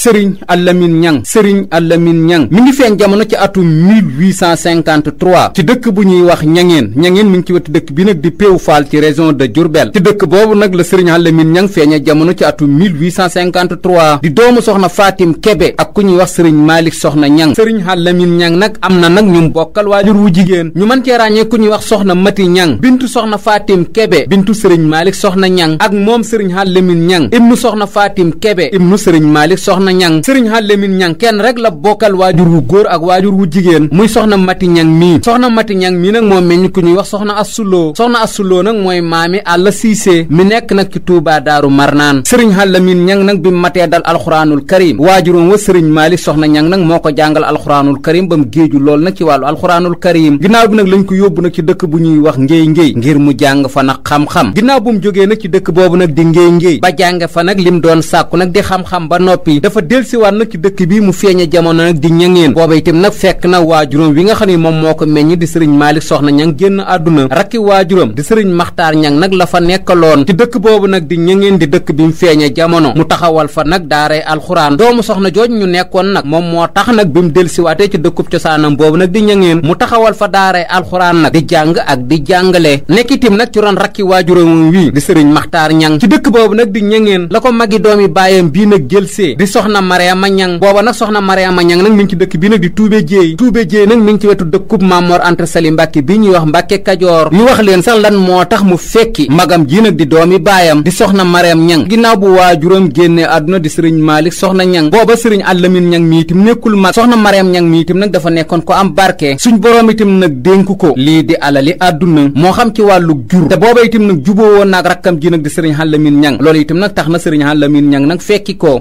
Serigne Alamine Niang Serigne Alamine Niang mi ngi feeñ jamono ci atum 1853 ci dëkk bu ñuy wax ñangeen ñangeen mi ngi ci wetu dëkk bi nag di Péew Faal ci région de Diourbel dëkk boobu nag la Serigne Alamine Niang feeñee jamono ci atum 1853 di doomu soxna Fatim Kebe ak ku ñuy wax sëriñ Malick soxna Niang Serigne Alamine ñan nag am na nag ñu bokkal waajur wu jigéen ñu mën cee ràññee ku ñuy wax soxna Mati Niang bintu soxna Fatim Kebe bintu Serigne maalik soxna Niang ak moom Serigne Alamine Niang ibnu soxna Fatim Kebe ibnu Serigne Malick soxna soxna ñang sëriñ Xalemin ñang kenn rek la bokkal waajur wu góor ak waajur wu jigéen muy soxna mati ñang mii soxna mati ñang mii nag moo meññ ku ñuy wax soxna assuloo soxna assuloo nag mooy maami àlla siisee mi nekk nag ci Tuubaa daaru marnaan sëriñ Xalemin ñang nag bi matee dal alxuraanul karim waajuroom wa sëriñ maali soxna ñang nag moo ko jàngal alxuraanul karim ba mu géeju lool nag ci wàllu alxuraanul karim ginnaaw bi nag lañ ko yóbbu nag ci dëkk bu ñuy wax ngéey ngéey ngir mu jàng fa nag xam-xam ginnaaw bu mu jógee nag ci dëkk boobu nag di ngéey ngéey ba jàng fa nag lim doon sàkku nag di xam-xam ba noppi dafa dafa dellusiwaat nag ci dëkk bi mu feeñe jamono nag di ñangeen booba itam nag fekk na waajuram wi nga xam ne moom moo ko meññ di sëriñ Maalik Soxna Ñang génn àdduna rakki waajuram di sëriñ Maxtaar Ñang nag la fa nekkaloon ci dëkk boobu nag di ñangeen di dëkk bi mu feeñe jamono mu taxawal fa nag daaray alxuraan doomu soxna jooj ñu nekkoon nag moom moo tax nag bi mu dellusiwaatee ci dëkkub cosaanam boobu nag di ñangeen mu taxawal fa daaray alxuraan nag di jàng ak di jàngale nekk itam nag ci ron rakki waajuram wi di sëriñ Maxtaar Ñang ci dëkk boobu nag di ñangeen la ko magi doomi baayam bii nag jëlsee di soxna soxna Mariama Ñang booba nag soxna Mariama Ñang nag mi ngi ci dëkk bi nag di Tuube Jéey Tuube Jéey nag mi ngi ci wetu dëkkub Mamor Anta Sali Mbàkke bi ñuy wax Mbàkke Kajoor ñu wax leen sax lan moo tax mu fekki magam ji nag di doomi baayam di soxna Mariam Ñang ginnaaw bu waajuram génnee àdduna di sëriñ Maalik soxna Ñang booba sëriñ Alamin Ñang mi itam nekkul mag soxna Mariam Ñang mi itam nag dafa nekkoon ko am barke suñ boroom itam nag dénku ko lii di alali àdduna moo xam ci wàllu jur te booba itam nag juboo woon naag rakkam ji nag di sëriñ Alamin Ñang loolu itam nag tax na sëriñ Alamin Ñang nag fekki ko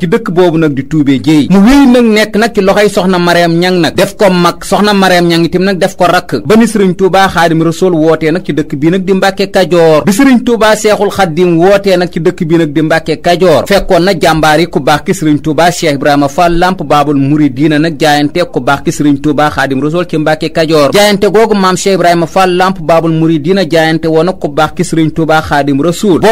di tuubee jéey mu wéy nag nekk nag ci loxoy soxna Mariam Ñang nag def ko mag soxna Mariam Ñang itam nag def ko rakk ba ni sëriñ Xaadim Rasuul wootee nag ci dëkk bii nag di Mbàkke Kajoor bi sëriñ Tuubaa Seexul Xaadim wootee nag ci dëkk bii nag di Mbàkke Kajoor fekkoon na jàmbaar yi ku baax ki sëriñ Tuubaa Cheikh Ibrahima Fall Lamp Baabul Muridiina nag jaayante ku baax ki sëriñ Tuubaa Xaadim Rasuul googu maam Cheikh Ibrahima Fall Lamp Baabul Muridiina jaayante woon nag ku baax ki sëriñ Tuubaa Xaadim Rasuul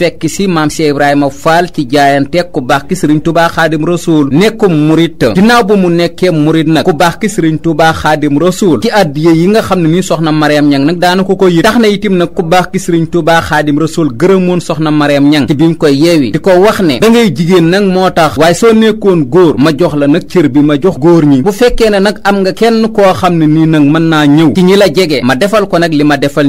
fekk si maam Cheikh Ibrahima Fall ci jaayanteeg ku baax ki sëriñ Touba Rasuul nekkum murit ginnaaw ba mu nekkee murit nag ku baax ki sëriñ Touba Xaadim Rasuul ci addiye yi nga xam ne nii soxna Mariam Ñang nag daana ko ko yit tax na itim nag ku baax ki sëriñ Touba Xaadim Rasuul gërëmoon soxna Mariam Ñang ci bi mu koy yeewi di ko wax ne da ngay jigéen nag moo tax waaye soo nekkoon góor ma jox la nag cër bi ma jox góor ñi bu fekkee ne nag am nga kenn koo xam ne nii nag mën naa ñëw ci ñi la jege ma defal ko nag li ma defal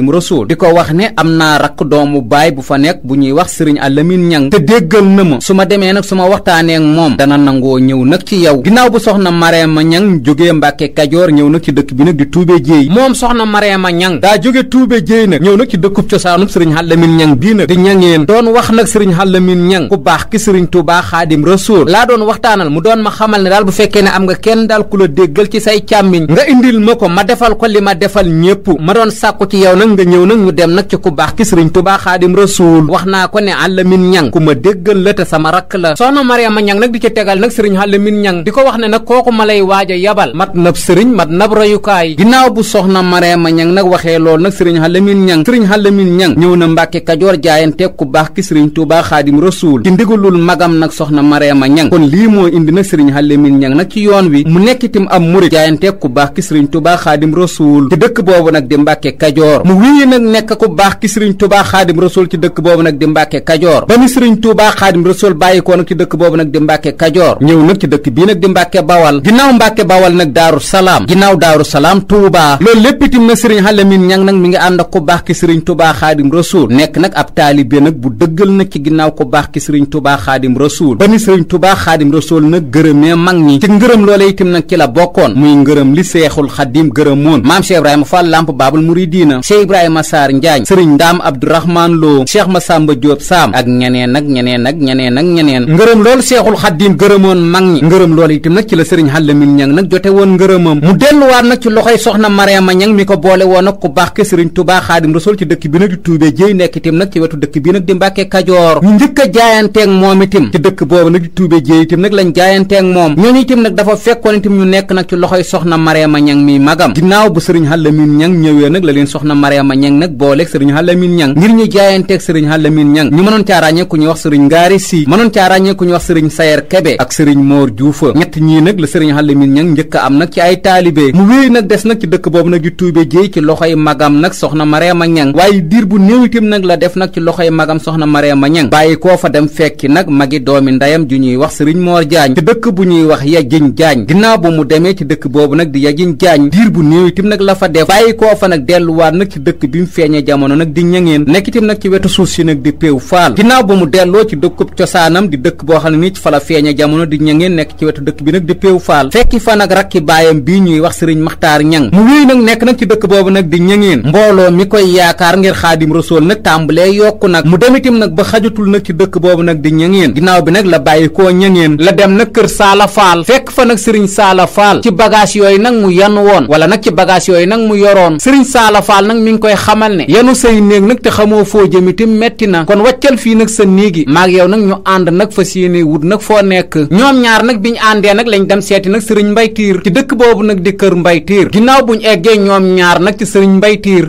xaadim rasul di ko wax ne am naa rakk doomu baay bu fa nekk bu ñuy wax sëriñ alamin ñang te déggal na ma su ma demee nag su ma waxtaanee ak moom dana nangoo ñëw nag ci yow ginnaaw bu soxna Marema ñang jógee Mbàkke Kajoor ñëw nag ci dëkk bi nag di Tuube Jéey moom soxna Marema ñang daa jóge Tuube Jéey nag ñëw nag ci dëkkub cosaanub sëriñ alamin ñang bii nag di ñangeen doon wax nag sëriñ alamin ñan ku baax ki sëriñ Tuubaa xaadim rasul laa doon waxtaanal mu doon ma xamal ne daal bu fekkee ne am nga kenn daal ku la déggal ci say càmmiñ nga indil ma ko ma defal ko li ma nag nga ñëw nag ñu dem nag ci ku baax ki sëriñ tubaa xaadim rasuul wax naa ko ne àllamin ñang ku ma déggal la te sama rakk la soxna mariama ñang nag di ci tegal nag sëriñ àllamin ñang di ko wax ne nag kooku ma lay waaj a yabal mat nab sëriñ mat nab rayukaay ginnaaw bu soxna mariama ñang nag waxee lool nag sëriñ àllamin ñang sëriñ àllamin ñang ñëw na mbàkke kajoor jaayante ku baax ki sëriñ tubaa xaadim rasuul ci ndigalul magam nag soxna mariama ñang kon lii moo indi nag sëriñ àllamin ñang nag ci yoon wi mu dëkk boobu nag di mbàkke kajoor mu wéyee nag nekk ku baax ki sëriñ Tuubaa Xaadim Rasuul ci dëkk boobu nag di Mbàkke Kajoor ba ni sëriñ Tuubaa Xaadim Rasuul bàyyi ko nag ci dëkk boobu nag di Mbàkke Kajoor ñëw nag ci dëkk bii nag di Mbàkke Bawal ginnaaw Mbàkke Bawal nag Daaru Salaam ginnaaw Daaru Salaam Tuubaa loolu lépp itam na sëriñ Alamin ñan nag mi ngi ànd ku baax ki sëriñ Tuubaa Xaadim Rasuul nekk nag ab taalibe nag bu dëggal nag ci ginnaaw ku baax ki sëriñ Tuubaa Xaadim Rasuul ba ni sëriñ Tuubaa Xaadim Rasuul nag gërëmee mag ñi ci ngërëm loola itam nag ci la bokkoon muy ngërëm li Seexul Xaadim gërëmoon Maam Cheikh Ibrahima Fall Lamp Baabul Muridiina Cheikh Ibrahima Sarr Njaañ sëriñ Ndaam Abdourahmane Lo Cheikh Massamba Diop Saam ak ñeneen ak ñeneen ak ñeneen ak ñeneen ngërëm loolu Seexul Xaddiim gërëmoon mag ñi ngërëm loolu itam nag ci la sëriñ Xalamine Ñang nag jote woon ngërëmam mu delluwaat nag ci loxoy soxna Mariama Ñang mi ko boole woo ak ku baax ke sëriñ Tuubaa Xaadim Rasuul ci dëkk bi nag di Tuubee jéy nekk itam nag ci wetu dëkk bi nag di Mbàkke Kajoor ñu njëkk a jaayanteeg moom itam ci dëkk boobu nag di Tuubee jéy itam nag lañ jaayanteeg moom ñooñu itam nag dafa fekk itam ñu nekk nag ci loxoy soxna Mariama Ñang mi magam ginnaaw bu sëriñ Xalamine Ñang ñëwee Mariama Ñang nag booleeg sëriñ Xalamin Ñang ngir ñu jaayanteeg sëriñ Xalamin Ñang ñu mënoon caa ràññee ku ñuy wax sëriñ Ngaari Si mënoon caa ràññee ku ñuy wax sëriñ Sayer Kebe ak sëriñ njëkk a am nag ci ay taalibe mu wéy nag des nag ci dëkk boobu nag di tuube jéey ci loxoy magam nag soxna Mariama Ñang waaye diir bu néew itam nag la def nag ci loxoy magam soxna Mariama Ñang bàyyi koo fa dem fekki nag magi doomi ndayam ju ñuy wax sëriñ Moor Jaañ ci dëkk bu ñuy wax Yajiñ Jaañ ginnaaw bu mu demee ci dëkk boobu nag di Yajiñ Jaañ diir bu néew nag la fa def bàyyi koo fa nag delluwaat nag ci dëkk bi mu feeñee jamono nag di ñangeen nekk itam nag ci wetu suuf si nag di péew faal ginnaaw ba mu delloo ci dëkkub cosaanam di dëkk boo xam ne nii fa la feeñee jamono di ñangeen nekk ci wetu bi nag di péew faal fekki fa nag rakki baayam bi ñuy wax sëriñ maxtaar ñang mu wéy nag nekk nag ci dëkk boobu nag di ñangeen mbooloo mi koy yaakaar ngir xaadim rasool nag tàmbalee yokk nag mu demitim nag ba xajatul nag ci dëkk boobu nag di ñangeen ginnaaw bi nag la bàyyi koo ñangeen la dem na kër saala faal fekk fa nag sëriñ saala faal ci bagage yooyu nag mu yan woon wala nag ci bagage yooyu nag mu yoroon mi ngi koy xamal ne yanu say néeg nag te xamoo foo jëm itam metti na kon wàccal fii nag sa néegi maag yow nag ñu ànd nag fas yéene wut nag foo nekk ñoom ñaar nag bi ñu àndee nag lañ dem seeti nag sëriñ mbay tiir dëkk boobu nag di kër mbay tiir ginnaaw buñu eggee ñoom ñaar nag ci sëriñ mbay tiir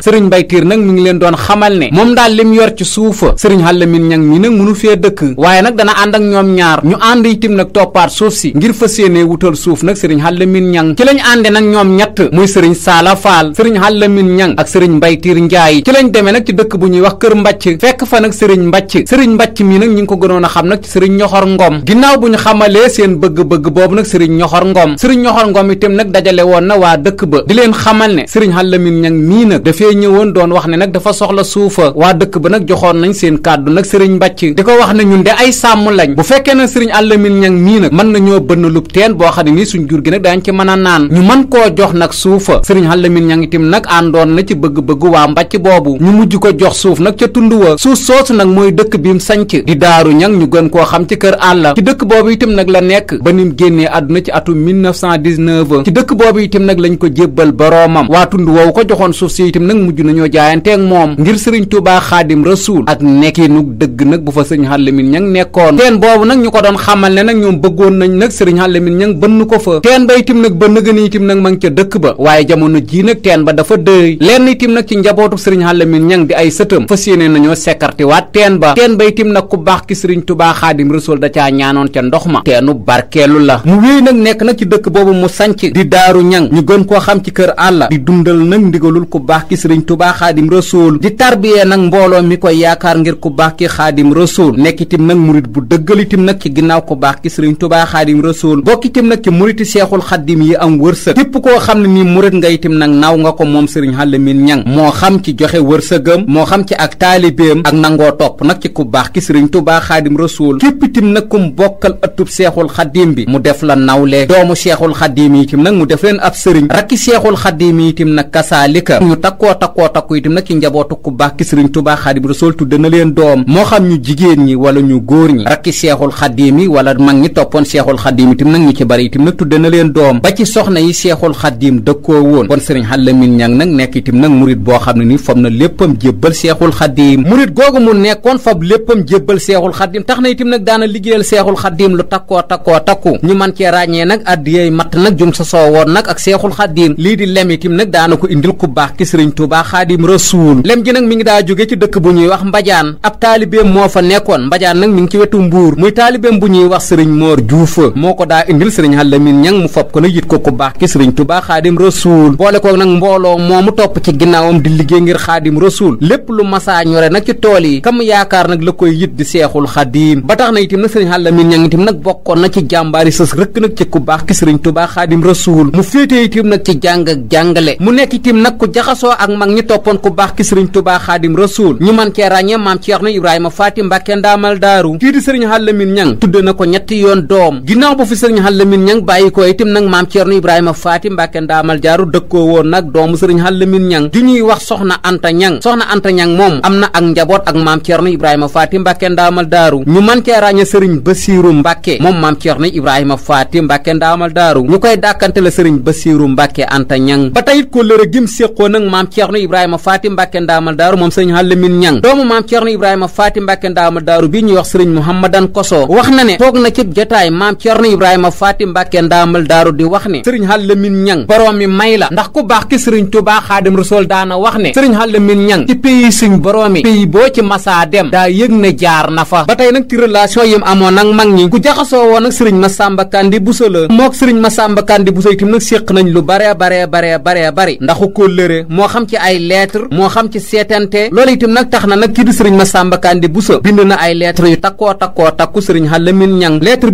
nag mi ngi leen doon xamal ne moom daal lim yor ci suufa sëriñ xàllamin ñang mi nag mënu fee dëkk waaye nag dana ànd ak ñoom ñaar ñu ànd itim nag toppaat suuf si ngir fas yéene wutal suuf nag sëriñ xàllamin ñang ci lañ ànde nag ñoom ñett muy sëriñ saala sëriñ xàllamin ñang ak sëriñ mbay Abdoulaye Tir Ndiaye ci lañ demee nag ci dëkk bu ñuy wax kër mbàcc fekk fa nag sëriñ mbàcc sëriñ mbàcc mii nag ngi ko gënoon a xam nag ci sëriñ ñoxor ngom ginnaaw bu ñu xamalee seen bëgg-bëgg boobu nag sëriñ ñoxor ngom sëriñ ñoxor ngom itam nag dajale woon na waa dëkk ba di leen xamal ne sëriñ Alamin Ñang mii dafee ñëwoon doon wax ne nag dafa soxla suufa waa dëkk ba nag joxoon nañ seen kàddu nag sëriñ mbàcc di ko wax ne ñu de ay sàmm lañ bu fekkee nag sëriñ Alamin Ñang mii nag mën nañoo bënn lub teen boo xam ne nii suñ jur a naan ñu mën koo jox nag suufa sëriñ Alamin Ñang itam gu waa mbàcc boobu ñu mujj ko jox suuf nag ca tund wa suuf soosu nag mooy dëkk bi mu sanc di daaru ñang ñu gën koo xam ci kër àlla ci dëkk boobu itam nag la nekk ba nim génnee àdduna ci atum 1919 ci dëkk boobu itam nag lañ ko jébbal boroomam waa tund woowu ko joxoon suuf si itam nag mujj nañoo jaayanteeg moom ngir sëriñ Tuubaa xaadim rasuul ak nekkinug dëgg nag bu fa sëriñ Alamin Ñang nekkoon teen boobu nag ñu ko doon xamal ne nag ñoom bëggoon nañ nag sëriñ Alamin Ñang bënn ko fa teen ba itam nag ba nëgëni itam ma ngi ca dëkk ba waaye jamono ci njabootu sëriñ Xalla ñan Ñang di ay sëtam fas yéene nañoo sekkartiwaat teen ba teen ba itim nag ku baax ki sëriñ Tubaa Xaadim Rasuul da caa ñaanoon ca ndox ma teenu barkeelu la mu wéy nag nekk nag ci dëkk boobu mu sanc di daaru ñang ñu gën koo xam ci kër àlla di dundal nag ndigalul ku baax ki sëriñ Tubaa Xaadim Rasuul di tarbiyee nag mbooloo mi koy yaakaar ngir ku baax ki Xaadim Rasuul nekk itim nag murit bu dëggal itim nag ci ginnaaw ku baax ki sëriñ Tubaa Xaadim Rasuul bokk itim nag ci muriti seexul xaddim yi am wërsëg képp koo xam ne nii murit nga itim nag naaw nga ko moom sëriñ Xalla Min moo xam ci joxe wërsëgam moo xam ci ak taalibeem ak nangoo topp nag ci ku baax ki sëriñ Tuubaa xaadim rasuul képp itam nag kum bokkal ëttub seexul xadim bi mu def la nawle doomu seexul xadim yi itam nag mu def leen ab sëriñ rakki seexul xadim yi itam nag kasaalika ñu takkoo takkoo takku itam nag ci njabootu ku baax ki sëriñ Tuubaa xaadim rasuul tudde na leen doom moo xam ñu jigéen ñi wala ñu góor ñi rakki seexul xadim yi wala mag ñi toppoon seexul xadim itam nag ñu ci bari itam nag tudde na leen doom ba ci soxna yi seexul xadim dëkkoo woon kon sëriñ Alamin Ñaŋ nag nekk nag murid boo xam ne ni fab na léppam jébbal seexul xaddim murit googu mu nekkoon fab léppam jébbal seexul xaddim tax na itam nag daana liggéeyal seexul xaddim lu takkoo takkoo takku ñu man cee ràññee nag addiyey matt nag jum sa soo woon nag ak seexul xaddim lii di lem itam nag daana ko indil ku baax ki sëriñ Tuubaa xaadim rasuul lem gi nag mi ngi daa jóge ci dëkk bu ñuy wax mbajaan ab taalibeem moo fa nekkoon mbajaan nag mi ngi ci wetu mbuur ko daa indil sëriñ Alamin ñang mu fab ko nag yit ko ku baax ki sëriñ Tuubaa xaadim rasuul boole ko nag mbooloo moomu topp ci ginnaaw moom di liggéey ngir xaadim rasuul lépp lu masaa ñore nag ci tool yi kam yaakaar nag la koy yit di seexul xaadim ba tax na itam nag sëriñ Alamin Ñaŋ itam nag bokkoon na ci jàmbaari sës rëkk nag ci ku baax ki sëriñ Tuubaa xaadim rasuul mu féetee itam nag ci jàng ak jàngale mu nekk itam nag ku jaxasoo ak mag ñi toppoon ku baax ki sëriñ Tuubaa xaadim rasuul ñu man cee ràññee maam Ceerno Ibrahima Faati Mbàkke ndaamal Ibrahima Faati Mbàkke ndaamal daaru dëkkoo sëriñ Alamin ñuy wax soxna Anta Ñang soxna Anta Ñang moom am na ak njaboot ak maam Ceerno Ibrahima Faati Mbàkke ndaamal daaru ñu mën cee ràññe sëriñ Basiiru Mbàkke moom maam Ceerno Ibrahima Faati Mbàkke ndaamal daaru ñu koy dàkkante la sëriñ Basiiru Mbàkke Anta Ñang ba tayit ko lëre gim séqoon ak maam Ceerno Ibrahima Faati Mbàkke ndaamal daaru moom sëriñ Alamin Ñang doomu maam Ceerno Ibrahima na ne na ci jotaay maam Ceerno Ibrahima Faati Mbàkke ndaamal daaru di wax ne sëriñ Alamin Ñang boroom mi may ndax ku baax ki sëriñ Tuubaa Xaadim Rasuul daan mën a wax ne sëriñ Xalle min ñang ci pays suñ boroomi pays boo ci masaa na fa ba tey nag ci relation yim amoon ak mag ñi ku jaxasoo woon ak sëriñ Masamba Kandi Bousso la mook sëriñ Masamba nañ lu baree baree baree baree bari ndaxu kóllëre moo xam ci ay lettre moo xam ci seetante loolu itam nag tax na nag kii di sëriñ Masamba Kandi Bousso bind na ay lettre yu takkoo takkoo takku sëriñ Xalle min ñang lettre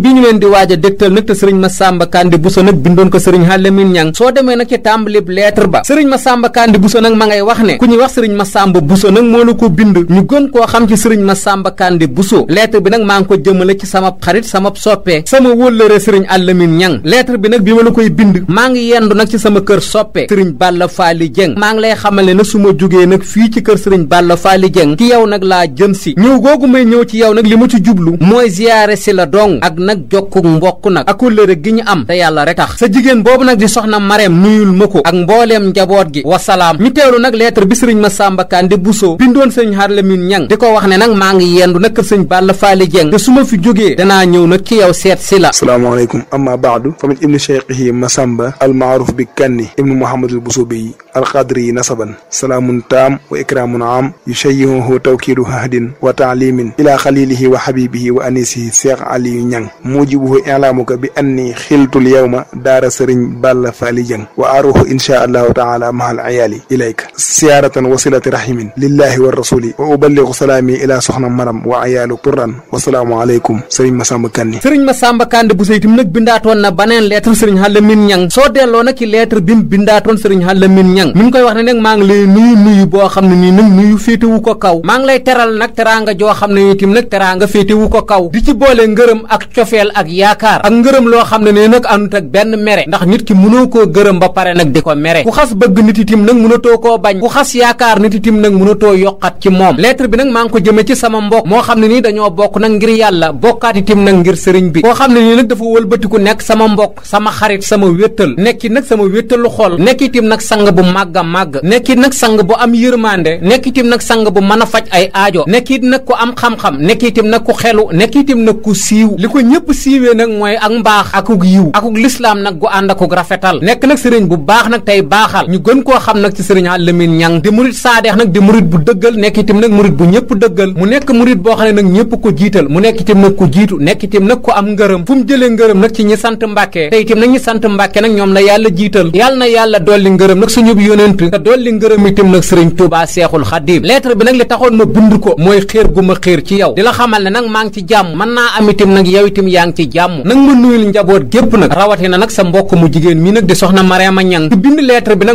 a dégtal nag te sëriñ Masamba Kandi Bousso nag bindoon ko sëriñ Xalle min ñang soo demee nag ci tàmbalib lettre ba sëriñ Masamba Kandi Bousso nag ngay wax ne ku ñuy wax sëriñ Masamba Bousso nag moo la ko bind ñu gën koo xam ci sëriñ sàmba Kande Bousso lettre bi nag maa ngi ko jëmale ci sama xarit sama soppe sama wóllëre sëriñ Alamin ñan lettre bi nag bi ma la koy bind maa ngi yendu nag ci sama kër soppe sëriñ Balla Faali Jeng maa ngi lay xamal ne su ma jógee nag fii ci kër sëriñ Balla Faali Jeng ci yow nag laa jëm si ñëw googu may ñëw ci yow nag li ma ci jublu mooy ziyaare si la dong ak nag jokku mbokk nag ak wóllëre gi ñu am te yàlla rek tax sa boobu nag di soxna Mareem nuyul ak mbooleem njaboot gi loolu nag lettre bi sëriñ Massamba Kandé Bousso bindoon sëriñ Harlamine Niang di ko wax ne nag maa ngi yendu nag kër sëñ Balla Faali Dieng te su ma fi jógee danaa ñëw nag ci yow seet si la asalaamaaleykum amma baadu fa min ibni cheikhihi Massamba almaaruf bi kanni ibnu Mouhamadul Bousso bi alqadri yi nasaban salaamun taam wa ikraamun am yushayyihuhu tawkiidu hahdin wa taalimin ila xalilihi wa habibihi wa anisihi Cheikh Aliou Niang mujibuhu ilaamuka bi anni xiltul yawma daara sëriñ Balla Faali Dieng wa aruhu insha allahu taala mahal ayaali ilayka siyaaratan wasilati rahimin lillahi wa rasuli wa uballigu salaami ila soxna maram wa ayaalu turan wasalaamu aleykum sëriñ Masamba Kanni sëriñ Masamba Kanni bu seytim nag bindaatoon na baneen lettre sëriñ Alamin Ñang soo delloo nag ci lettre bi mu bindaatoon sëriñ Alamin Ñang mi ngi koy wax ne nag maa lay nuyu nuyu boo xam ne nii nag nuyu féetewu ko kaw maa lay teral nag teraanga joo xam ne itim nag teraanga féetewu ko kaw di ci boole ak cofeel ak ak ngërëm loo xam ne ne nag anut benn mere ndax nit ki mënoo koo gërëm ba pare nag di ko mere ku koo bañ ku xas yaakaar nit itim nag mënatoo yokkat ci moom lettre bi nag maa ngi ko jëme ci sama mbokk moo xam ne nii dañoo bokk nag ngir yàlla bokkaat itim nag ngir sëriñ bi koo xam ne nii nag dafa wëlbatiku nekk sama mbokk sama xarit sama wéttal nekki nag sama wéttalu xol nekk nag sang bu màgg a màgg nekki nag sang bu am yërmande nekk itim nag sang bu mën a faj ay aajo nekk it nag ku am xam-xam nekk itim nag ku xelu nekk nag ku siiw li ko ñëpp siiwee nag mooy ak mbaax akuk yiw akuk lislaam nag gu ànd akuk nekk nag sëriñ Mouhamed Lamine Niang di murit saadeex nag di murit bu dëggal nekk itam nag murit bu ñëpp dëggal mu nekk murit boo xam ne nag ñëpp ko jiital mu nekk itam nag ko jiitu nekk itam nag ko am ngërëm fu mu jëlee ngërëm nag ci ñi sant Mbàkke te itam nag ñi Mbàkke nag ñoom la yàlla jiital yàlla na yàlla dolli ngërëm nag suñu yonent te dolli ngërëm itam nag Sëriñ Tuubaa Seexul Xadiim lettre bi nag li taxoon ma bind ko mooy xéer gu ma xéer ci yow di la xamal ne nag maa ngi ci jàmm mën naa am itam nag yow itam yaa ngi ci jàmm nag ma nuyul njaboot gépp nag rawatina nag sa mbokk mu jigéen mi nag di soxna Mariama Ñang ci bind lettre bi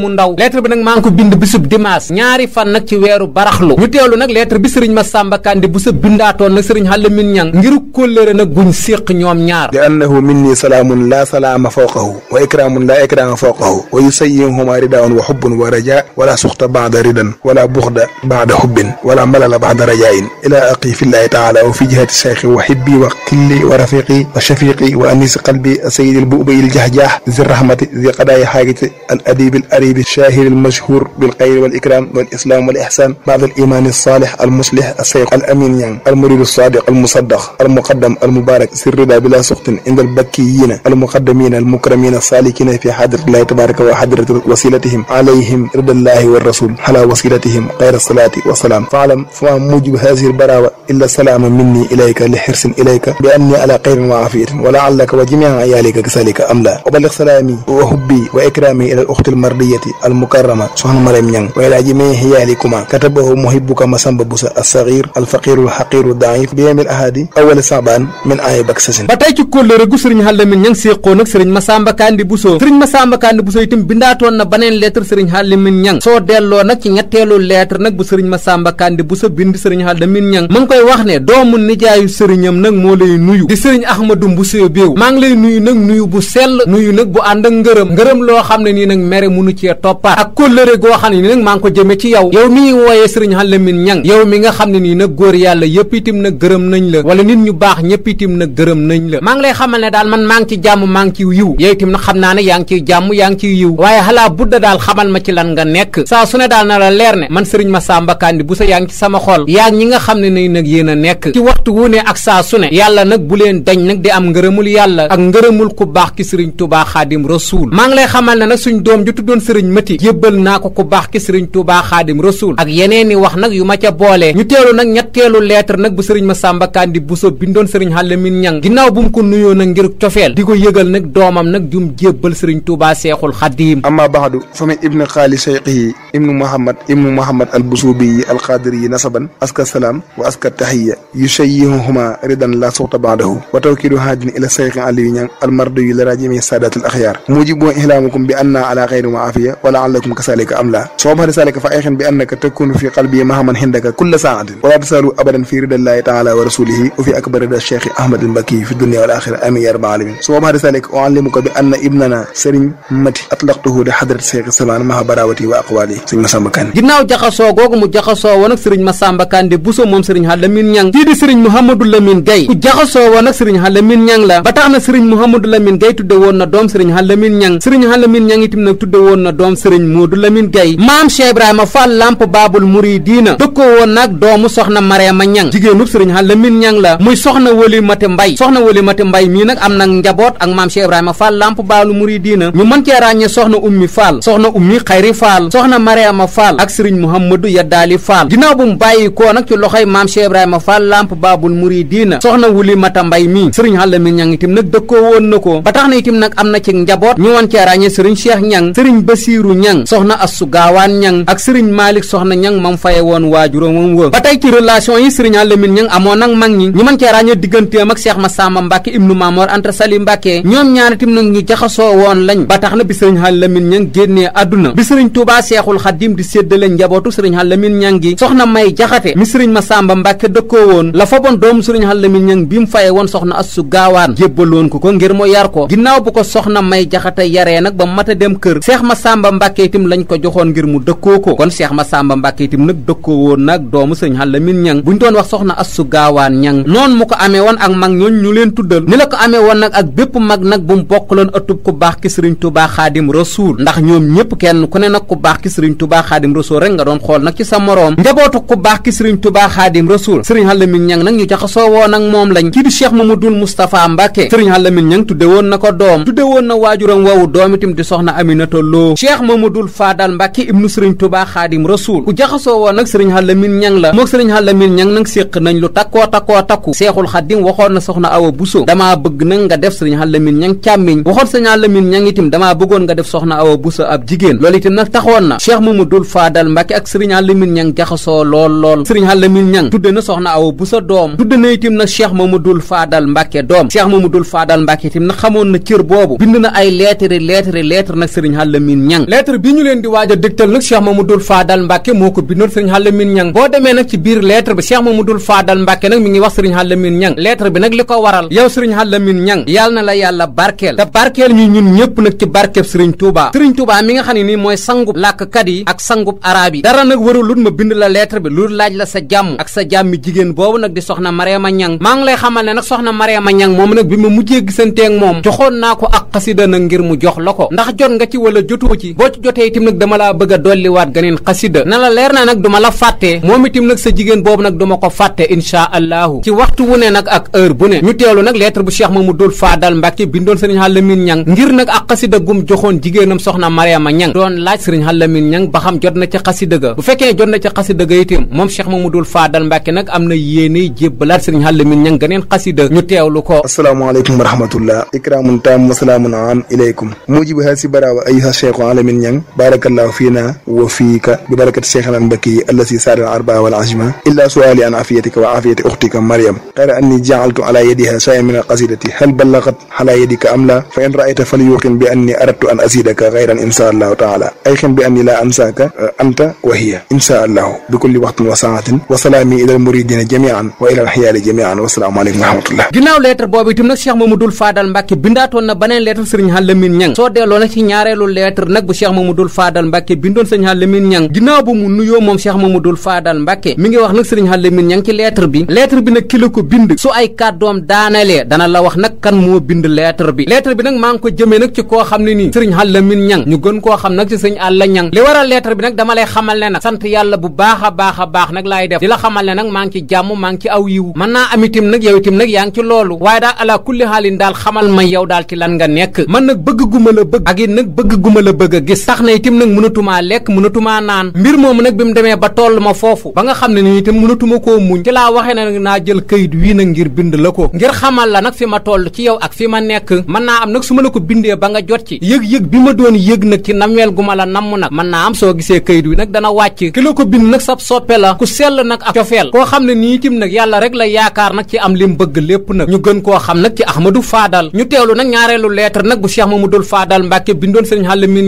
mu ndaw lettre bi nag maa ngi ko bind bisub dimanche ñaari fan nag ci weeru baraxlu ñu teewlu nag lettre bi sëriñ Massamba Kande bu sa bindaatoon nag sëriñ Alamin Ñang ngiru kóllëre nag guñ séq ñoom ñaar li annahu minni salaamun laa salaama fawqahu wa ikraamun laa ikraama fawqahu wa yusayyihuma ridaun wa xubbun wa raja wala suxta baada ridan wala buxda baada xubbin wala malala baada rajain ilaa aqi fi llahi taala wa fi jihati cheikhi wa xibbi wa killi wa rafiqi wa shafiqi wa anisi qalbi sayidi al buubayil jahjah zi rahmati zi qadayi xaagiti al adibi al السيد الشاهر المشهور بالخير والإكرام والإسلام والإحسان بعد الإيمان الصالح المصلح الشيخ الأمين يعني المريد الصادق المصدق المقدم المبارك سر الرضا بلا سخط عند البكيين المقدمين المكرمين السالكين في حضرة الله تبارك وحضرة وسيلتهم عليهم رضا الله والرسول على وسيلتهم غير الصلاة والسلام فاعلم فما موجب هذه البراوة إلا السلام مني إليك لحرص إليك بأني على خير وعافية ولعلك وجميع عيالك كذلك أم لا أبلغ سلامي وحبي وإكرامي إلى الأخت المرضية almadinati almukarrama soxna Marème Niang waylaaji min xiyaalikuma katabahu muhibuka masamba busa alsaxir alfaqiru alxaqiru daif bi yemil ahadi awali saban min ayi bak sasin ba tey ci kóllëre gu sëriñ Xallamin Niang séqoo nag sëriñ Masamba Kandi Buso sëriñ Masamba Kandi Buso itam bindaatoon na baneen lettre sëriñ Xallamin Niang soo delloo nag ci ñetteelu sëriñ Masamba Kandi Buso bind sëriñ koy wax ne doomu nijaayu sëriñam nag moo lay nuyu di sëriñ Ahmadu Mbusoo Béew maa ngi lay nuyu nag nuyu bu sell nuyu nag bu ànd ak ngërëm ngërëm loo xam ne nii nag mere munu ci cee toppaat ak kóllëre goo xam ne ni nag maa ngi ko jëme ci yow yow mi wooyee sëriñ Alamine Niang yow mi nga xam ne nii nag góor yàlla yëpp itim na gërëm nañ la wala nit ñu baax ñëpp itim na gërëm nañ la maa ngi lay xamal ne daal man maa ngi ci jàmm maa ngi ci yiw yow itim nag xam naa ne yaa ngi ciy jàmm yaa ngi ciy yiw waaye xalaa budda daal xamal ma ci lan nga nekk saa su ne daal na la leer ne man sëriñ Massamba Kandi Bousso yaa ngi ci sama xol yaa ñi nga xam ne ni nag yéen a nekk ci waxtu wu ne ak saa su ne yàlla nag bu leen dañ nag di am ngërëmul yàlla ak ngërëmul ku baax ki sëriñ Tuubaa Xaadim sëriñ mati jébbal naa ko ku baax ki sëriñ Tuubaa Xaadim Rasuul ak yeneeni wax nag yu ma boole ñu teelu nag ñetteelu lettre nag bu sëriñ Masamba Kandi Buso bindoon sëriñ Alamin Ñang ginnaaw bu ko nuyoo nag ngir cofeel di ko yëgal nag doomam nag jum jébbal sëriñ Tuubaa Seexul Xaadim amma baxdu fa min ibni xaali cheikhihi ibnu Muhammad ibnu Muhammad al busuubi yi alqaadiri yi nasaban aska salaam wa aska tahiya yushayyihuhuma ridan la suxta baadahu wa tawkiidu haadin ila الدنيا ولعلكم كذلك أملا صواب هذا ذلك فأيخن بأنك تكون في قلبي مهما هندك كل ساعة ولا تسال أبدا في رضا الله تعالى ورسوله وفي أكبر رضا الشيخ أحمد المكي في الدنيا والآخرة آمين يا رب العالمين صواب هذا ذلك أعلمك بأن ابننا سرين متي أطلقته لحضرة الشيخ سلمان مع براوتي وأقوالي سيدنا مسامبا Kande ginnaaw jaxasoo googu mu jaxasoo woon ak Serigne Massamba Kande Bousso moom Serigne Halamine Niang kii di Serigne Mouhamadou Lamine Gueye ku jaxasoo woon ak Serigne Halamine Niang la ba tax na Serigne Mouhamadou Lamine Gueye tudde woon na doom Serigne Halamine Niang Serigne Halamine Niang itam nag tudde woon na doom sëriñ Moodu Lamin Gay maam Cheikh Ibrahima Fall lamp baabul muridiina dëkkoo woon nag doomu soxna Mariama Ñang jigéenub sëriñ xa Lamin Ñang la muy soxna wali mati mbay soxna wali mati mbay mii nag am nag njaboot ak maam Cheikh Ibrahima Fall lamp baabul muridiina ñu mën cee ràññee soxna ummi Fall soxna ummi xayri Fall soxna Mariama Fall ak sëriñ Mouhamadou Yaddaali Fall ginnaaw bu mu bàyyi koo nag ci loxoy maam Cheikh Ibrahima Fall lamp baabul ba tax na itam nag am na ci njaboot ñu mën cee ràññee sëriñ Cheikh Ñang Basiiru Ñang soxna Assu Gaawaan Ñang ak sëriñ Maalik soxna Ñang mam faye woon waajuróomam wa ba tey ci relation yi sëriñ Alamin Ñang amoon nag mag ñi ñu mën cee ràññee digganteem ak Cheikh Massamba Mbàkke ibnu Maamoor Anta Sali Mbàkke ñoom ñaaritim nag ñu jaxasoo woon lañ ba tax na bi sëriñ Alamin Ñang génnee àdduna bi sëriñ Tuubaa Seexul Xadiim di séddale njabootu sëriñ Alamin Ñang gi soxna May Jaxate mi sëriñ Massamba Mbàkke la foboon doomu sëriñ Alamin Ñang bi mu faye woon soxna Assu Gaawaan jébbaloon ko ko ngir mu yar ko ko soxna May Jaxate yaree nag ba mata dem Masamba Mbàkke itam lañ ko joxoon ngir mu dëkkoo ko kon Cheikh Masamba Mbàkke itam nag dëkkoo woon nag doomu sëñ Alamin ñang buñ doon wax soxna Assu nag ku baax ki Sëriñ Tuubaa Rasuul ndax ñoom ñëpp kenn ku ne nag ku baax ki Sëriñ Tuubaa Rasuul rek nga doon xool nag ci sa moroom njabootu ku baax ki Sëriñ Tuubaa Xaadim Rasuul Sëriñ Alamin ñang nag ñu jaxasoo woon ak moom lañ kii di Cheikh Mamadul Moustapha Mbàkke Sëriñ Alamin ñang tudde woon na ko doom tudde woon na waajuram woowu doom di soxna Aminata Lo cheikh mamadul faadal mbàkke ibnu sëriñ tubaa xaadim rasuul ku jaxasoo woon nag sëriñ xalamin ñang la mook sëriñ xalamin ñang nag séq nañ lu takkoo takkoo takku seexul xaadim waxoon na soxna awa buso damaa bëgg nag nga def sëriñ xalamin ñang càmmiñ waxoon sëriñ xalamin ñang itam damaa bëggoon nga def soxna awa buso ab jigéen loolu itam nag taxoon na cheikh mamadul faadal mbàkke ak sëriñ xalamin ñang jaxasoo lool lool sëriñ xalamin ñang tudde na soxna awa buso doom tudde na itam nag cheikh mamadul faadal mbàkke doom cheikh mamadul faadal mbàkke itam nag xamoon na boobu bind na ay lettre lettre lettre nag sëriñ xalamin Niang lettre bi ñu leen di waaj a dégtal nag Cheikh Mamadou Fadal Mbacke moo ko bindoon Serigne Alamin Niang boo demee nag ci biir lettre bi Cheikh Mamadou Fadal Mbacke nag mi ngi wax Serigne Alamin Niang lettre bi nag li ko waral yow Serigne Alamin Niang yàlla na la yàlla barkeel ñu ñun ñëpp nag ci barkeb Serigne Touba Serigne Touba mi nga xam nii mooy sangub làkkat yi ak sangub araab dara nag waru lut ma bind la lettre bi lu laaj la sa jàmm ak sa jàmmi jigéen boobu nag di soxna Mariama Niang maa ngi lay xamal ne nag soxna Mariama Niang moom nag ma mujjee gisanteeg moom joxoon naa ko ak xasida nag ngir mu jox la ko ndax jot nga ci wala ci boo ci jotee itam nag dama laa bëgg a dolliwaat ganeen xasida na la leer naa nag duma la fàttee moom itam nag sa jigéen boobu nag duma ko fàtte inchaa allahu ci waxtu wu ne nag ak heure bu ne ñu teewlu nag lettre bu ma Cheikh Mamadou Fadal Mbacke bindoon sëriñ Alamin Ñang ngir nag ak xasida gum joxoon jigéenam soxna Mariama Ñang doon laaj sëriñ Alamin Ñang ba xam jot na ci xasida ga bu fekkee jot na ci xasida ga itam moom Cheikh Mamadou Fadal Mbacke nag am na yéene jébbalaat sëriñ Alamin Ñang ganeen xasida ñu teewlu ko asalaamaaleykum wa rahmatullah ikraamun taam wa salaamun aan ilaykum mujibu hasi bara wa ayuha cheikh Alamin Ñang barakallahu fiina wa fiika bi barakati cheikhana mbakki allasi saadal arba wal ajma illa suali an afiyatika wa afiyati uxtika mariam xayra anni jaaltu ala yadiha shay'an min al qasidati hal ballagat ala yadika am la fa in raayta fal yuqin bi anni aradtu an asidaka xayran insha allahu taala ayqin bi anni la ansaaka eh, anta wa hiya insha allahu bi kulli waxtin wa saatin wa salaami ila al muridina jamian wa ila al xiyaali jamian wa salaamu aleykum wa rahmatullah ginnaaw lettre boobu itam nag cheikh mamadul faadal mbàkke bindaatoon na baneen lettre sëriñ Alamin Ñang soo delloo nag ci ñaareelu lettre nag nag bu Cheikh Mamadou Fadal Mbacke bindoon sëriñ Alamin Niang ginnaaw ba mu nuyoo moom Cheikh Mamadou Fadal Mbacke mi ngi wax nag sëriñ Alamin la ko bind su ay la wax nag kan moo bind lettre bi lettre bi nag maa ngi ko jëmee nag ci koo xam ne nii sëriñ Alamin Niang ñu gën koo xam nag ci sëriñ Alla Niang li waral lettre bi nag dama lay xamal ne nag sant yàlla bu baax a baax a nag laay def di la xamal ne nag maa ngi ci jàmm maa ngi ci aw yiw mën naa am nag yow itam nag yaa ngi bëgg a gis tax na itam nag mënatumaa lekk mënatumaa naan mbir moomu nag bi mu demee ba toll ma foofu ba nga xam ne ni itam mënatuma koo muñ ci laa na ne naa jël këyit wii nag ngir bind la ko ngir xamal la nag fi ma toll ci yaw ak fi ma nekk mën naa am nag su ma la ko bindee ba nga jot ci yëg-yëg bi ma doon yëg nag ci nameel gu ma la namm nag mën naa am soo gisee këyit wi nag dana wàcc ki la ko bind nag sab soppe la ku sell nag ak cofeel koo xam ne nii itam nag yàlla rek la yaakaar nag am lim bëgg lépp nag ñu koo xam nag ci Ahmadou Fadal ñu teewlu nag ñaareelu lettre nag bu Cheikh Mamadou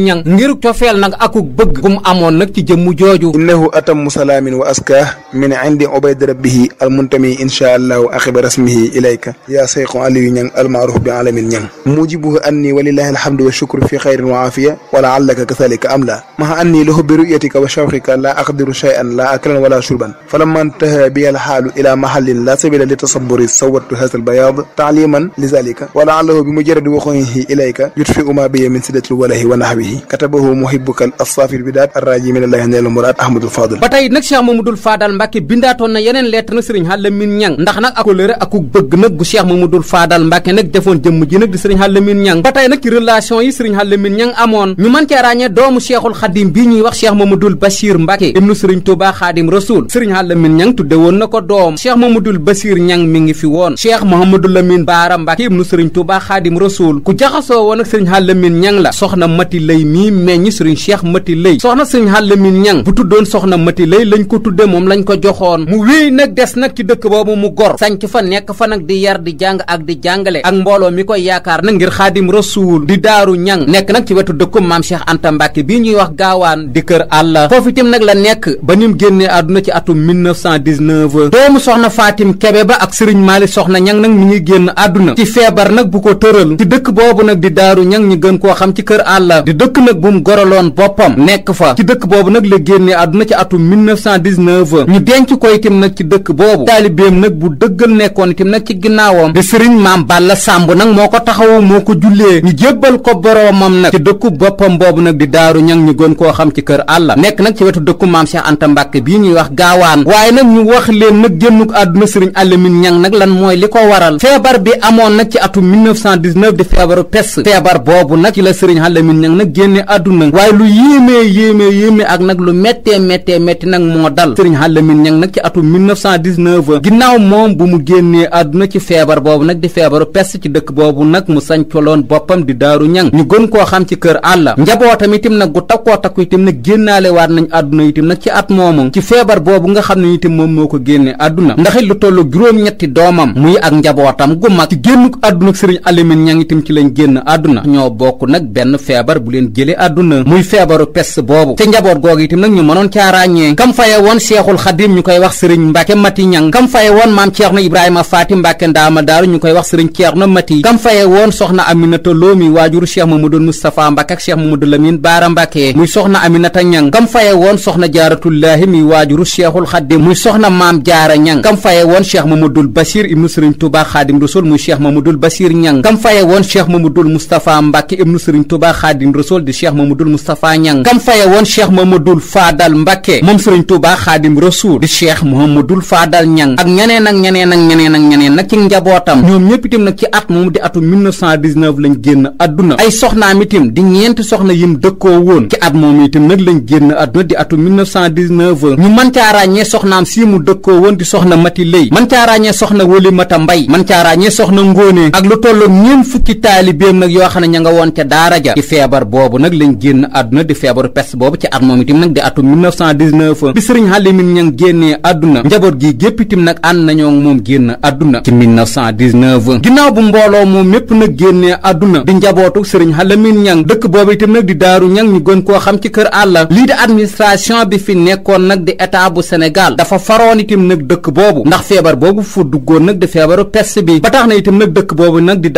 ñang ngir cofeel nag akuk bëgg gum amoon nag ci jëmmu jooju innahu atammu salaamin wa askah min indi ubayd rabbihi almuntami insha allahu axiba rasmihi ilayka yaa seyqu aliyu ñang almaaruf bi alamin ñang mujibuhu anni walillahi alhamdu wa shukru fi xayrin wa aafiya wa laallaka kathalika am la maha anni lahu bi ruyatika wa shawqika la aqdiru shay'an la aklan wala shurban falamma intaha biha alxaalu ila mahallin la sabila li tasaburi sawattu hada albayaad taaliman li zalika wa laallahu bi mujaradi waxoonhi ilayka yutfiu ma biya min sidatil walahi wa nahwihi yi katabahu muhibbukal asafil bidaat arraji min allahi neel muraad ahmadul fadal ba tey nag cheikh mamadul fadal mbàkke bindaatoon na yeneen lettre nag sëriñ Alamin Ñang ndax nag ak kóllëre ak ku bëgg nag gu cheikh mamadul fadal mbàkke nag defoon jëmm ji nag di sëriñ Alamin Ñang ba tey nag ci relation yi sëriñ Alamin Ñang amoon ñu mën cee ràññee doomu cheikhul xadim bii ñuy wax cheikh mamadul bachir mbàkke ibnu sëriñ sëriñ Alamin Ñang lay mii meññ sëriñ cheikh mati lay soxna sëriñ Alamin Ñang bu tuddoon soxna mati lay ko tudde moom lañ ko joxoon mu wéy nag des nag ci dëkk boobu mu gor sanc fa nekk fa nag di yar di jàng ak di jàngale ak mbooloo mi koy yaakaar nag ngir xaadim rasuul di daaru ñang nekk nag ci wetu dëkkum maam cheikh anta mbàkke bii ñuy wax gaawaan di kër àlla foofu nag la nekk ba nim génnee àdduna ci atum doomu soxna faatim kebe ba ak sëriñ maali soxna ñang nag mi ngi génn àdduna ci feebar nag bu ko tëral ci dëkk boobu nag di dëkk nag bu mu goraloon boppam nekk fa ci dëkk boobu nag la génne àdduna ci atum 1919 ñu denc ko itam nag ci dëkk boobu taalibeem nag bu dëggal nekkoon itam nag ci ginnaawam di sëriñ maam Balla Sàmb nag moo ko taxawu moo ko jullee ñu jébbal ko boroomam nag ci dëkku boppam boobu nag di daaru ñang ñu gën koo xam ci kër àlla nekk nag ci wetu dëkku maam Cheikh Anta Mbàkke ñuy wax gaawaan waaye nag ñu wax leen nag génnuk àdduna sëriñ Alamin ñang nag lan mooy li ko waral feebar bi amoon nag ci atum 1919 di feebaru pes feebar boobu nag la sëriñ Alamin ñang nag génne àdduna waaye lu yéemee yéemee yéemee ak nag lu méttee méttee métti nag moo dal sëriñ Alamin Ñang nag ci atum 1919 ginnaaw moom bu mu génnee àdduna ci feebar boobu nag di feebaru pest ci dëkk boobu nag mu sañcoloon boppam di daaru ñang ñu gën koo xam ci kër àlla njabootam itam nag gu takkoo takku itam nag génnaale waat nañ àdduna itam nag ci at moomu ci feebar boobu nga xam ne itam moom moo ko génnee àdduna ndaxit lu tollu juróom-ñetti doomam muy ak njabootam gu mag ci génn àdduna sëriñ itam ci lañ génn àdduna ñoo bokk nag benn feebar bu leen jële àdduna muy feebaru pest boobu ca njaboot googu itam nag ñu mënoon caa ràññee kam faye woon seexul xadim ñu koy wax sëriñ mbàkke mati ñang kam faye woon maam ceerno ibrahima faati mbàkke ndaama daaru ñu koy wax sëriñ ceerno mati kam faye woon soxna aminata loomi waajuru cheikh mamadou moustapha mbàkke ak cheikh mamadou lamin baara mbàkke muy soxna aminata ñang kam faye woon soxna jaaratullaahi mi waajuru cheikhul xadim muy soxna maam jaara ñang kam faye woon cheikh mamadul basir ibnu sëriñ touba xaadim rasul muy cheikh mamadul basir ñang kam faye woon cheikh mamadul moustapha mbàkke ibnu sëriñ touba xaadim rasul xol di cheikh mamadul moustapha ñang kam faye woon cheikh mamadul faadal mbàkke moom sëriñ tuuba xaadim rasuul di cheikh mamadul faadal ñang ak ñeneen ak ñeneen ak ñeneen ak ci njabootam ñoom ñëpp itam nag ci at moom di atum 1919 génn adduna ay soxnaam itam di ñeenti soxna yim dëkkoo woon ci at moom itam nag lañ génn adduna di atum ñu mën soxnaam si dëkkoo woon di soxna mati lay soxna wali mata mbay mën soxna ngóone boobu nag lañ génn àdduna di feebaru pes boobu ci at moom itam nag di atum 1919 bi sëriñ Xalimin Ñang génnee àdduna njaboot gi gépp itam nag ànd nañoo moom génn àdduna ci ginnaaw bu mbooloo moom mépp nag génnee àdduna di njabootu sëriñ Xalimin Ñang dëkk boobu itam nag di daaru ñang ñu gën koo xam ci kër àlla lii di administration bi fi nekkoon nag di état bu Sénégal dafa faroon itam nag dëkk boobu ndax feebar boobu fu duggoon nag di feebaru pes bi ba na itam nag dëkk boobu nag di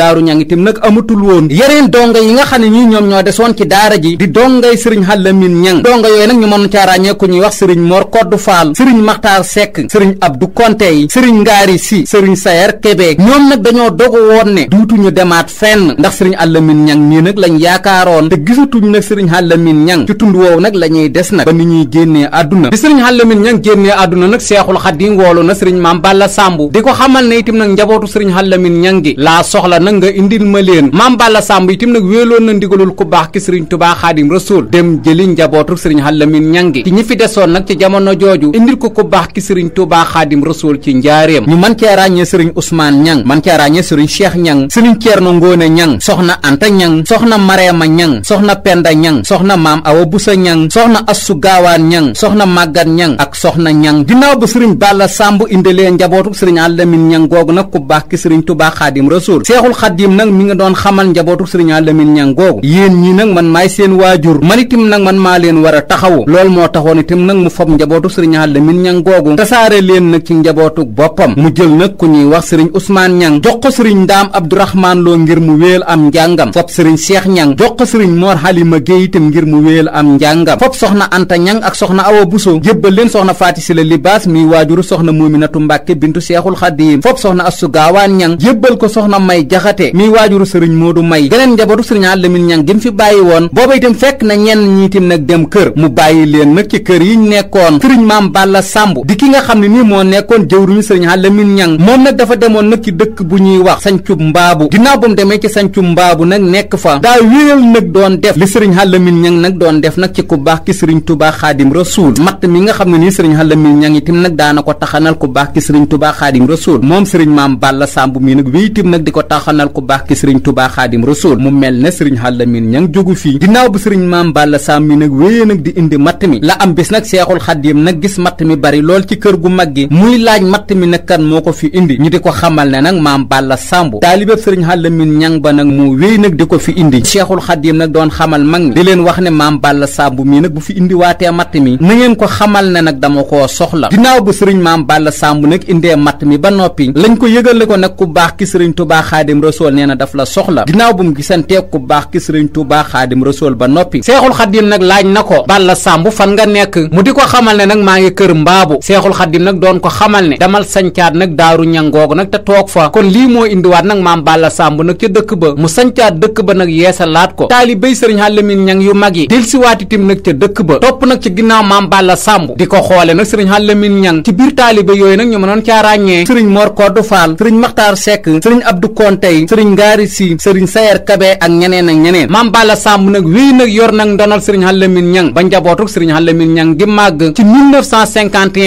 ci daara ji di dongay sëriñ Xalamin Ñang donga yooyu nag ñu mën caa ràññee ku ñuy wax sëriñ Mor Koddu Faal sëriñ Maxtaar Sekk sëriñ Abdu Konte yi sëriñ Ngaari Si sëriñ Sayar Kebe ñoom nag dañoo dogu woon ne duutuñu demaat fenn ndax sëriñ Xalamin Ñang nii nag lañ yaakaaroon te gisatuñ nag sëriñ Xalamin Ñang ci tund woowu nag la ñuy des nag ba ni ñuy génnee àdduna bi sëriñ Xalamin Ñang génnee àdduna nag Seexul Xadiim woolu na sëriñ Maam Balla Sàmb di ko xamal ne itam nag njabootu sëriñ sëriñ tubaa xaadim rasul dem jëli njabootu sëriñ Alamin ñangi ci ñi fi desoon nag ci jamono jooju indil ko ku baax ki sëriñ tubaa xaadim rasul ci njaareem ñu mën cee ràññee sëriñ Ousmane ñang mën cee ràññee sëriñ Cheikh ñang sëriñ Ceerno Ngóone ñang soxna Anta ñang soxna Mareema ñang soxna Penda ñang soxna Maam Awa Busa ñang soxna Assu Gaawaan ñang soxna Màggat ñang ak soxna ñang ginnaaw ba sëriñ Balla Sàmb indilee njabootu sëriñ Alamin ñang googu nag ku baax ki sëriñ tubaa xaadim rasul seexul xaadim nag mi nga doon xamal njabootu sëriñ Alamin ñang man maay seen waajur man itam nag man maa leen war a taxawu loolu moo taxoon itam nag mu fob njabootu sëriñ Alamin Ñang googu tasaare leen nag ci njabootu boppam mu jël nag ku ñuy wax sëriñ Ousmane Ñang jox ko sëriñ Ndaam Abdourahmaan Lo ngir mu wéel am njàngam fob sëriñ Cheikh Ñang jox ko sëriñ Mor Halima Géey itam ngir mu wéel am njàngam fob soxna Anta Ñang ak soxna Awa Buso jébbal leen soxna Faati Sila Libaas miy waajuru soxna Muuminatu Mbàkke bintu Seexul Xadiim fob soxna Assu Gaawaan Ñang jébbal ko soxna May Jaxate miy waajuru sëriñ Moodu May woon booba itam fekk na ñenn ñi itam nag dem kër mu bàyyi leen nag ci kër yi ñu nekkoon sëriñ maam Balla Samb di ki nga xam ne nii moo nekkoon jëwriñu sëriñ Alamin Ñang moom nag dafa demoon nag ci dëkk bu ñuy wax sancub mbaabu ginnaaw ba mu demee ci sancub mbaabu nag nekk fa daa wéyal nag doon def li sëriñ Alamin Ñang nag doon def nag ci ku baax ki sëriñ Tuubaa Xaadim Rasuul matt mi nga xam ne nii sëriñ Alamin Ñang itam nag daana ko taxanal ku baax ki sëriñ Tuubaa Xaadim Rasuul moom sëriñ maam Balla Samb mii nag wéy itam nag di ko taxanal ku baax ki sëriñ Tuubaa Xaadim Rasuul mu mel ne dugg fii ginnaaw bi sëriñ maam Balla Sam mi nag wéyee nag di indi matt mi la am bis nag seexul xaddim nag gis matt mi bari lool ci kër gu mag gi muy laaj matt mi nag kan moo ko fi indi ñu di ko xamal ne nag maam Balla Samb taalibeb sëriñ Alamin ñang ba nag moo wéy nag di ko fi indi seexul xaddim nag doon xamal mag ñi di leen wax ne maam Balla Samb mii nag bu fi indi matt mi na ngeen ko xamal ne nag dama koo soxla ginnaaw bu sëriñ maam Balla Samb nag indee matt mi ba noppi lañ ko yëgale ko nag ku baax ki sëriñ Tuubaa Xaadim Rasuul nee na daf la soxla ginnaaw bu mu gisantee ku baax xaadim rasool ba noppi seexul xadim nag laaj na ko balla sàmb fan nga nekk mu di ko xamal ne nag maa ngi kër mbaabu seexul xadim nag doon ko xamal ne damal sancaat nag daaru ñangoog nag te toog fa kon lii moo indiwaat nag maam balla sàmb nag ca dëkk ba mu sancaat dëkk ba nag yeesalaat ko taalibéy sëriñ xàllamin ñang yu mag yi delsiwaat itim nag ca dëkk ba topp nag ci ginnaaw maam balla sàmb di ko xoole nag sëriñ xàllamin ñang ci biir taalibé yooyu nag ñu mënoon caa ràññee sëriñ mor koddu faal sëriñ maxtaar sekk sëriñ abdu kontey sëriñ ngaari si sëriñ am nag wéy nag yor nag ndonal sëriñ Alamin Ñang ba njabootuk sëriñ Alamin Ñang gi màgg ci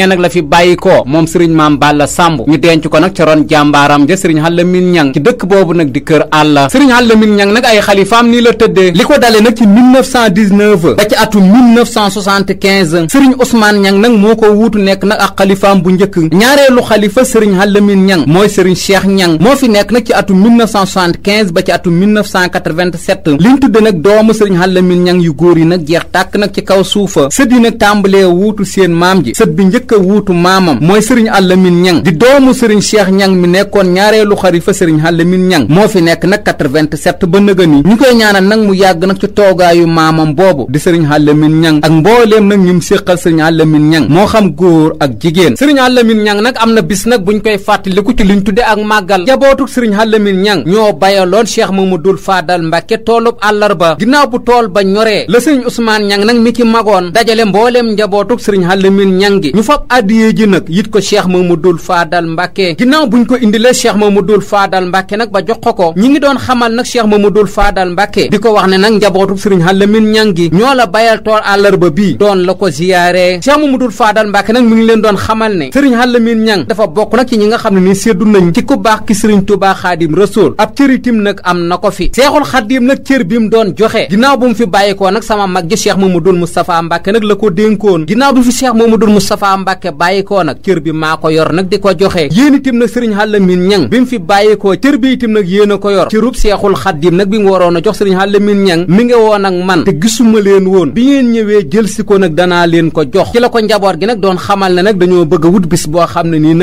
nag la fi bàyyi ko moom sëriñ Maam Balla Samb ñu denc ko nag ca ron ja sëriñ Alamin Ñang ci dëkk boobu nag di kër àlla sëriñ Alamin Ñang nag ay xalifaam nii la tëddee li ko dale nag ci 1919 ba ci atum 1975 sëriñ Ousmane Ñang nag moo ko wuutu nekk nag ak xalifaam bu njëkk ñaareelu xalifa sëriñ Alamin Ñang mooy sëriñ Cheikh Ñang moo fi nekk nag ci atum 1975 ba ci atum 1987 liñ tudde nag doomu sëriñ Alamin Ñang yu góor yi nag jeex tàkk nag ci kaw suufa sët yi nag tàmbalee seen maam ji sët bi njëkk wuutu maamam mooy sëriñ Alamin Ñang di doomu sëriñ Cheikh ñan mi nekkoon ñaareelu xalifa sëriñ Alamin ñan moo fi nekk nag 87 ba nëgëni ñu koy ñaanal nag mu yàgg nag ci toogaayu maamam boobu di sëriñ Alamin Ñang ak mbooleem nag ñum séqal sëriñ Alamin ñan moo xam góor ak jigéen sëriñ Alamin ñan nag am na bis nag buñ koy fàttaliku ci liñ tudde ak màggal jabootuk sëriñ Alamin Ñang ñoo bayaloon Cheikh Mamadou Fadal Mbàkke toolub àllarba ginnaaw bu tool ba ñoree la sëriñ Ousmane Niang nag mi ci magoon dajale mbooleem njabootug sëriñ Alamin Niang gi ñu fab addiyee ji nag yit ko Cheikh Mamadou Fadal Mbàkke ginnaaw buñ ko indilee Cheikh Mamadou Fadal Mbàkke nag ba jox ko ko ñi ngi doon xamal nag Cheikh Mamadou Fadal Mbàkke di ko wax ne nag njabootug sëriñ Alamin Niang gi ñoo la bayal tool àllarba bii doon la ko ziyaare Cheikh Mamadou Fadal Mbàkke nag mi ngi leen doon xamal ne sëriñ Alamin Niang dafa bokk nag ci ñi nga xam ne ni seddu nañ ci ku baax ki sëriñ Tuubaa Xaadim Rasuul ab cëritim nag am na ko fi Seexul Xaadim nag cër bi mu joxe ginnaaw bu mu fi bàyyikoo nag sama mag ji cheikh mamadul moustapha mbàkke nag la ko dénkoon ginnaaw bi fi cheikh mamadul moustapha mbàkke bàyyikoo nag cër bi maa ko yor nag di ko joxe yéen itam nag sëriñ xàllamin ñang bi mu fi bàyyikoo cër bi itam nag yéen a ko yor cërub seexul xaddim nag bi mu waroon a jox sëriñ xàllamin ñang mi ngi woon ak man te gisuma leen woon bi ngeen ñëwee jël si danaa leen ko jox ci la ko njaboot gi nag doon xamal ne nag dañoo bëgg a wut bis boo xam ne nii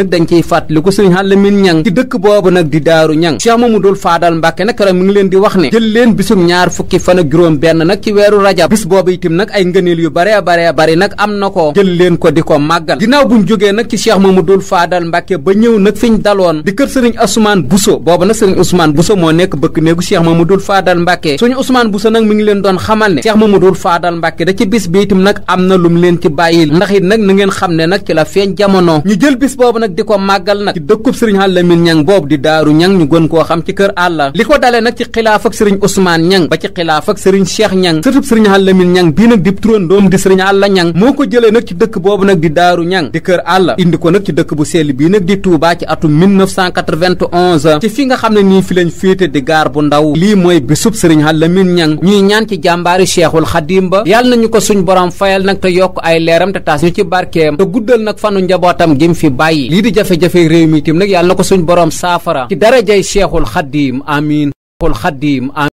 nag fan ak juróom benn nag ci weeru rajab bis boobu itam nag ay ngëneel yu bare bare bari nag am na ko jël leen ko di ko màggal ginnaaw buñ jógee nag ci cheikh mamadul faadal mbàkke ba ñëw nag fiñ daloon di kër sëriñ Ousmane Bousso boobu nag sëriñ Ousmane Bousso moo nekk bëkk néegu cheikh mamadul faadal mbàkke suñu Ousmane Bousso nag mi ngi leen doon xamal ne cheikh mamadul faadal mbàkke da ci bis bi itam nag am na lum leen ci bàyyil ndax it nag na ngeen xam ne nag ci la feeñ jamono ñu jël bis nag di ko màggal nag ci dëkkub sëriñ Alamin ñang boobu di daaru ñang ñu gën koo xam ci kër àlla li ko dalee nag ci xilaaf ak ba ci xilaaf Daaf ak Serigne Cheikh Ñang sëtub Serigne Alamin Ñang bii nag di turandoom di Serigne Alla Ñang moo ko jëlee nag ci dëkk boobu nag di Daaru Ñang di kër Alla indi ko nag ci dëkk bu sell bii nag di Touba ci atum 1991 ci fi nga xam ne nii fi lañ féete di gaar bu ndaw lii mooy bisub Serigne Alamin Ñang ñuy ñaan ci jàmbaari Cheikhul Xadim ba yàlla nañu ko suñ borom fayal nag te yokk ay leeram te taas ñu ci barkeem te guddal nag fanu njabootam gim fi bàyyi lii di jafe-jafe réew mi itam nag yàlla ko suñ borom saafara ci darajay Cheikhul Xadim amiin Cheikhul Xadim amiin